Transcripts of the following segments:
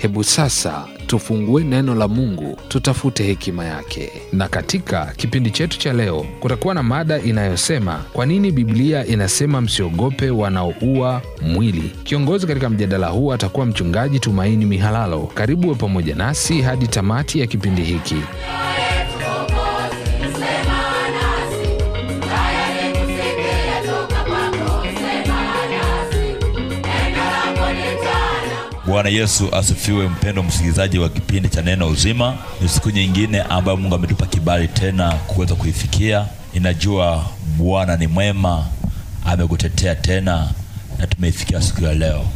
Hebu sasa tufungue neno la Mungu, tutafute hekima yake. Na katika kipindi chetu cha leo kutakuwa na mada inayosema kwa nini Biblia inasema msiogope wanaoua mwili. Kiongozi katika mjadala huu atakuwa Mchungaji Tumaini Mihalalo. Karibu we pamoja nasi hadi tamati ya kipindi hiki. Bwana Yesu asifiwe. Mpendo msikilizaji wa kipindi cha Neno Uzima, ni siku nyingine ambayo Mungu ametupa kibali tena kuweza kuifikia. Ninajua Bwana ni mwema, amekutetea tena na tumeifikia siku ya leo.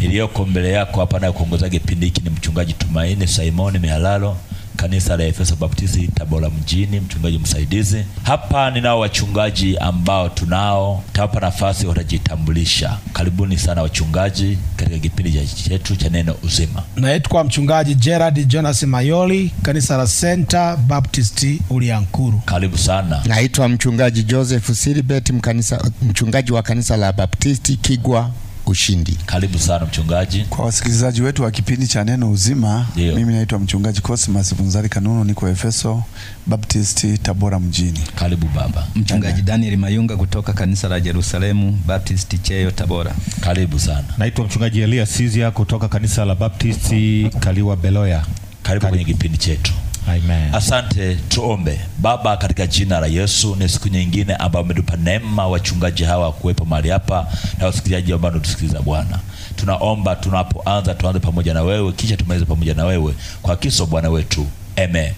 Iliyoko mbele yako hapa naye kuongoza kipindi hiki ni mchungaji Tumaini Simoni Mihalalo kanisa la Efeso Baptisti Tabora mjini, mchungaji msaidizi hapa. Ninao wachungaji ambao tunao, tawapa nafasi watajitambulisha. Karibuni sana wachungaji katika kipindi chetu cha neno uzima. Naitwa mchungaji Gerard Jonas Mayoli, kanisa la Center Baptist Uliankuru. Karibu sana. Naitwa mchungaji Joseph Silibet, mkanisa mchungaji wa kanisa la Baptisti Kigwa ushindi. Karibu sana mchungaji. Kwa wasikilizaji wetu wa kipindi cha Neno Uzima, Dio. Mimi naitwa mchungaji Cosmas Bunzari Kanunu, niko Efeso Baptist Tabora mjini. Karibu baba. Mchungaji Ane. Daniel Mayunga kutoka kanisa la Jerusalemu Baptist Cheyo Tabora. Karibu sana. Naitwa mchungaji Elia Sizia kutoka kanisa la Baptist Kaliwa Beloya. Karibu, Karibu. kwenye kipindi chetu. Amen. Asante, tuombe. Baba, katika jina la Yesu, ni siku nyingine ambayo umetupa neema wachungaji hawa kuwepo mahali hapa na wasikilizaji ambao wanatusikiliza Bwana tunaomba tunapoanza tuanze pamoja na wewe, kisha tumalize pamoja na wewe kwa kiso Bwana wetu Amen.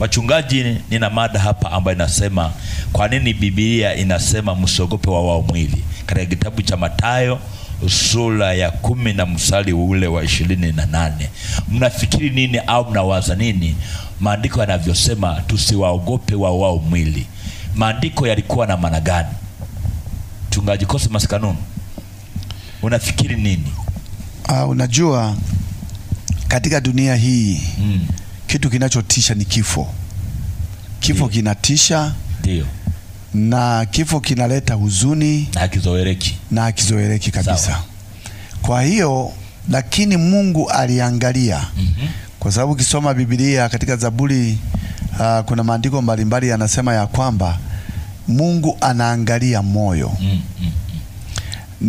Wachungaji, nina mada hapa ambayo inasema kwa nini Biblia inasema msiogope wa wao mwili, katika kitabu cha Mathayo sura ya kumi na msali ule wa ishirini na nane mnafikiri nini au mnawaza nini? Maandiko yanavyosema tusiwaogope wao wao mwili. Maandiko yalikuwa na maana gani? Mchungaji Cosmas unafikiri nini? Uh, unajua katika dunia hii mm. kitu kinachotisha ni kifo. Kifo kinatisha na kifo kinaleta huzuni na kizoeleki na kizoeleki kabisa. Sawa. Kwa hiyo lakini Mungu aliangalia mm -hmm. Kwa sababu ukisoma Biblia katika Zaburi uh, kuna maandiko mbalimbali yanasema ya kwamba Mungu anaangalia moyo mm -hmm.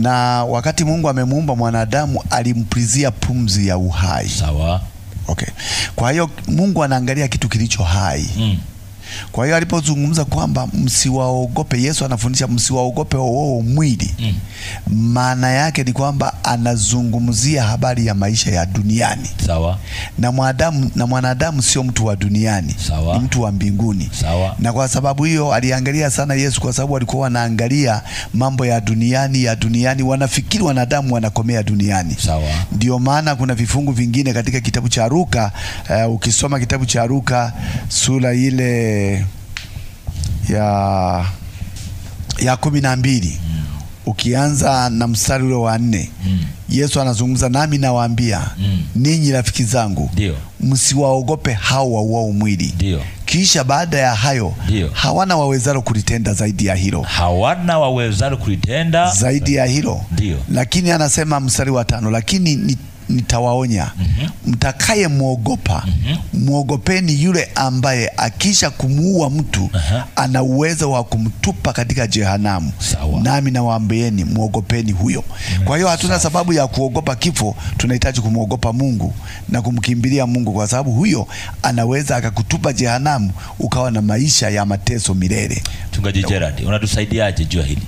Na wakati Mungu amemuumba mwanadamu alimpulizia pumzi ya uhai. Sawa. Okay. Kwa hiyo Mungu anaangalia kitu kilicho hai mm. Kwa hiyo alipozungumza kwamba msiwaogope, Yesu anafundisha msiwaogope wao mwili, mm. maana mm. yake ni kwamba anazungumzia habari ya maisha ya duniani. Sawa. Na mwanadamu na mwanadamu sio mtu wa duniani, ni mtu wa mbinguni. Sawa. Na kwa sababu hiyo aliangalia sana Yesu, kwa sababu alikuwa wanaangalia mambo ya duniani ya duniani, wanafikiri wanadamu wanakomea duniani. Sawa. Ndio maana kuna vifungu vingine katika kitabu cha Luka, uh, ukisoma kitabu cha Luka sura ile ya ya kumi na mbili mm. ukianza na mstari ule wa nne mm. Yesu anazungumza nami, nawaambia mm. ninyi rafiki zangu, msiwaogope hao wauao mwili Dio. Kisha baada ya hayo Dio. hawana wawezalo kulitenda zaidi ya hilo, hawana wawezalo kulitenda zaidi ya hilo Dio. Lakini anasema mstari wa tano, lakini ni nitawaonya. Mhm. Mtakaye mwogopa mwogopeni mhm. yule ambaye akisha kumuua mtu ana uwezo wa kumtupa katika jehanamu, nami nawaambieni mwogopeni huyo. Mm. Kwa hiyo hatuna sababu ya kuogopa kifo, tunahitaji kumwogopa Mungu na kumkimbilia Mungu, kwa sababu huyo anaweza akakutupa jehanamu ukawa na maisha ya mateso milele. Mchungaji Gerard, unatusaidiaje jua hili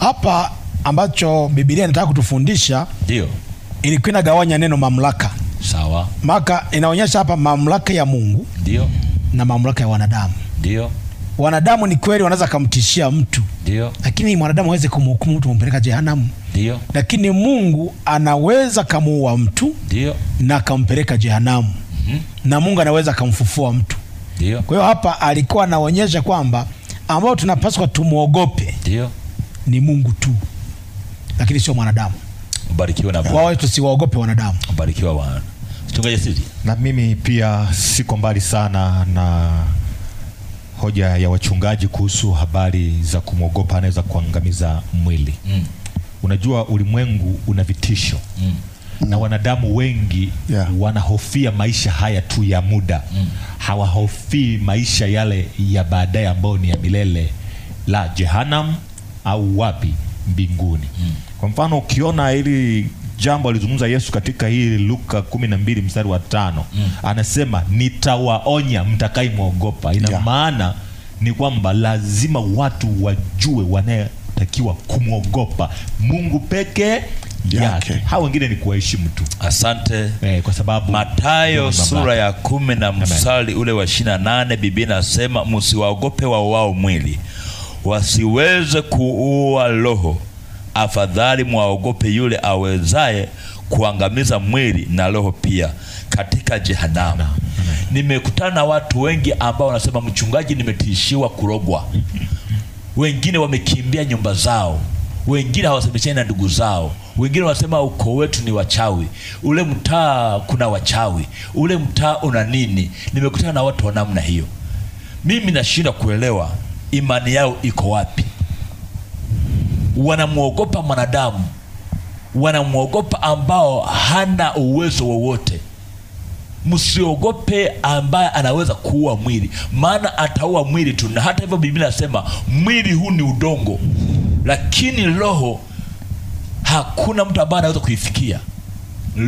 hapa ambacho Biblia inataka kutufundisha? Ndio ilikuwa inagawanya neno mamlaka. Sawa. Maka inaonyesha hapa mamlaka ya Mungu ndio na mamlaka ya wanadamu ndio. Wanadamu ni kweli wanaweza kumtishia mtu ndio, lakini mwanadamu hawezi kumhukumu mtu, kumpeleka jehanamu ndio, lakini Mungu anaweza kamuua mtu ndio na kampeleka jehanamu mm -hmm. na Mungu anaweza kamfufua mtu ndio. Kwa hiyo hapa alikuwa anaonyesha kwamba ambao tunapaswa tumuogope ndio ni Mungu tu, lakini sio mwanadamu. Barikiwa na Bwana. Wao tusiwaogope wanadamu. Barikiwa Bwana. Mchungaji Sidi. Na mimi pia siko mbali sana na hoja ya wachungaji kuhusu habari za kumwogopa anaweza kuangamiza mwili. Mm. Unajua ulimwengu una vitisho. Mm. Na wanadamu wengi yeah, wanahofia maisha haya tu ya muda. Mm. Hawahofii maisha yale ya baadaye ambayo ni ya milele la Jehanam au wapi mbinguni. Mm. Kwa mfano ukiona hili jambo alizungumza Yesu katika hii Luka kumi na mbili mstari wa tano mm. anasema nitawaonya mtakaimwogopa. Ina yeah. maana ni kwamba lazima watu wajue wanayetakiwa kumwogopa Mungu peke yake. Hao wengine ni kuwaheshimu tu. Asante eh, kwa sababu Mathayo sura ya kumi na mstari ule wa ishirini na nane Biblia inasema msiwaogope wao wao mwili wasiweze kuua roho, afadhali mwaogope yule awezaye kuangamiza mwili na roho pia katika jehanamu. Nimekutana na watu wengi ambao wanasema, mchungaji, nimetishiwa kurogwa. Wengine wamekimbia nyumba zao, wengine hawasemeshani na ndugu zao, wengine wanasema ukoo wetu ni wachawi, ule mtaa kuna wachawi, ule mtaa una nini. Nimekutana na watu wa namna hiyo, mimi nashindwa kuelewa imani yao iko wapi? Wanamwogopa mwanadamu, wanamwogopa ambao hana uwezo wowote. Msiogope ambaye anaweza kuua mwili, maana ataua mwili tu, na hata hivyo Biblia inasema mwili huu ni udongo, lakini roho hakuna mtu ambaye anaweza kuifikia.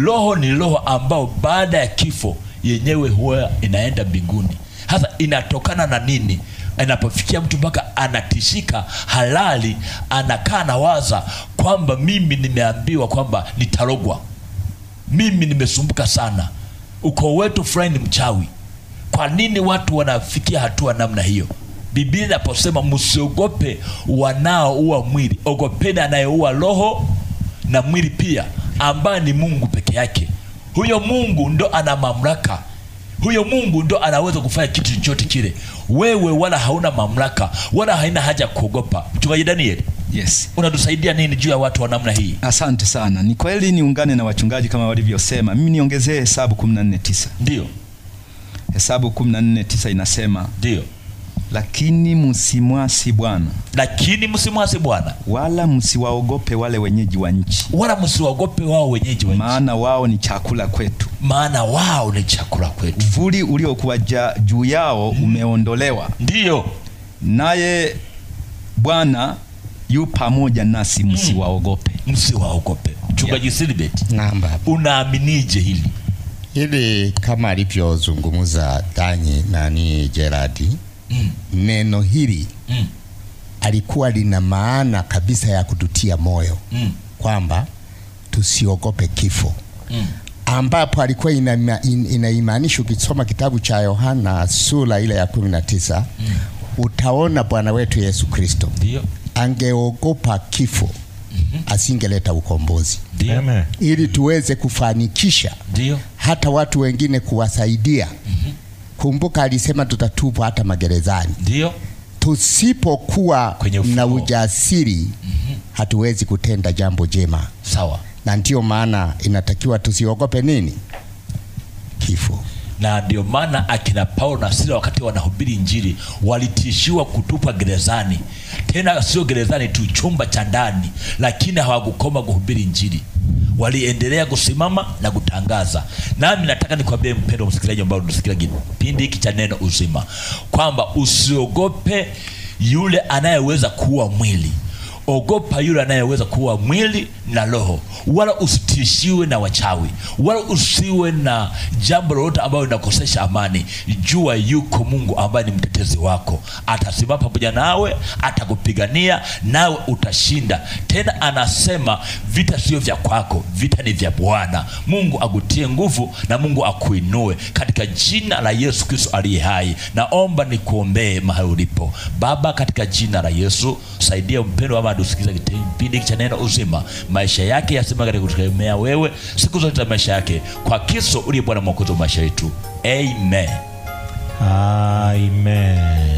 Roho ni roho ambao baada ya kifo yenyewe huwa inaenda mbinguni. Hasa inatokana na nini? inapofikia mtu mpaka anatishika halali, anakaa nawaza kwamba mimi nimeambiwa kwamba nitarogwa, mimi nimesumbuka sana, ukoo wetu fulani ni mchawi. Kwa nini watu wanafikia hatua namna hiyo? Biblia inaposema msiogope wanaoua mwili, ogopeni anayeua roho na mwili pia, ambaye ni Mungu peke yake. Huyo Mungu ndo ana mamlaka huyo Mungu ndo anaweza kufanya kitu chochote kile. Wewe wala hauna mamlaka wala haina haja kuogopa. Mchungaji Daniel, yes, unatusaidia nini juu ya watu wa namna hii? Asante sana. Ni kweli, niungane na wachungaji kama walivyosema. Mimi niongezee Hesabu 14:9. Ndio, Hesabu 14:9 inasema ndio lakini msimwasi Bwana, lakini msimwasi Bwana, wala msiwaogope wale wenyeji wa nchi, wala msiwaogope wao wenyeji wa nchi, maana wao ni chakula kwetu, maana wao ni chakula kwetu. Uvuli uliokuwa juu yao umeondolewa, ndiyo naye Bwana yu pamoja nasi, msiwaogope. Hmm. Mm, msiwaogope. Mchungaji Silibet, naam baba, unaaminije hili hili? Kama alivyozungumza Danyi nani Gerardi, mm. neno hili mm. alikuwa lina maana kabisa ya kututia moyo mm. kwamba tusiogope kifo mm. ambapo alikuwa inaimaanisha ina ukisoma kitabu cha Yohana sura ile ya kumi na tisa mm. utaona Bwana wetu Yesu Kristo angeogopa kifo Mm -hmm. asingeleta ukombozi ili tuweze kufanikisha Dio. hata watu wengine kuwasaidia mm -hmm Kumbuka alisema tutatupwa hata magerezani. Ndio. Tusipokuwa na ujasiri mm -hmm. hatuwezi kutenda jambo jema. Sawa. Na ndio maana inatakiwa tusiogope nini? Kifo. Na ndio maana akina Paulo na Sila wakati wanahubiri Injili walitishiwa kutupwa gerezani, tena sio gerezani tu, chumba cha ndani, lakini hawakukoma kuhubiri Injili waliendelea kusimama na kutangaza. Nami nataka nikwambie mpendo msikilizaji, ambao unasikia kipindi hiki cha neno uzima, kwamba usiogope yule anayeweza kuua mwili Ogopa yule anayeweza kuwa mwili na roho, wala usitishiwe na wachawi, wala usiwe na jambo lolote ambalo linakosesha amani. Jua yuko Mungu ambaye ni mtetezi wako, atasimama pamoja nawe, atakupigania nawe utashinda. Tena anasema vita sio vya kwako, vita ni vya Bwana. Mungu agutie nguvu na Mungu akuinue katika jina la Yesu Kristo aliye hai. Naomba nikuombee mahali ulipo Baba, katika jina la Yesu, saidia mpendo wa bado sikiza kipindi cha neno uzima, maisha yake yasema katika kutegemea wewe siku zote za maisha yake, kwa Kristo uliye Bwana Mwokozi wa maisha yetu. Amen, amen.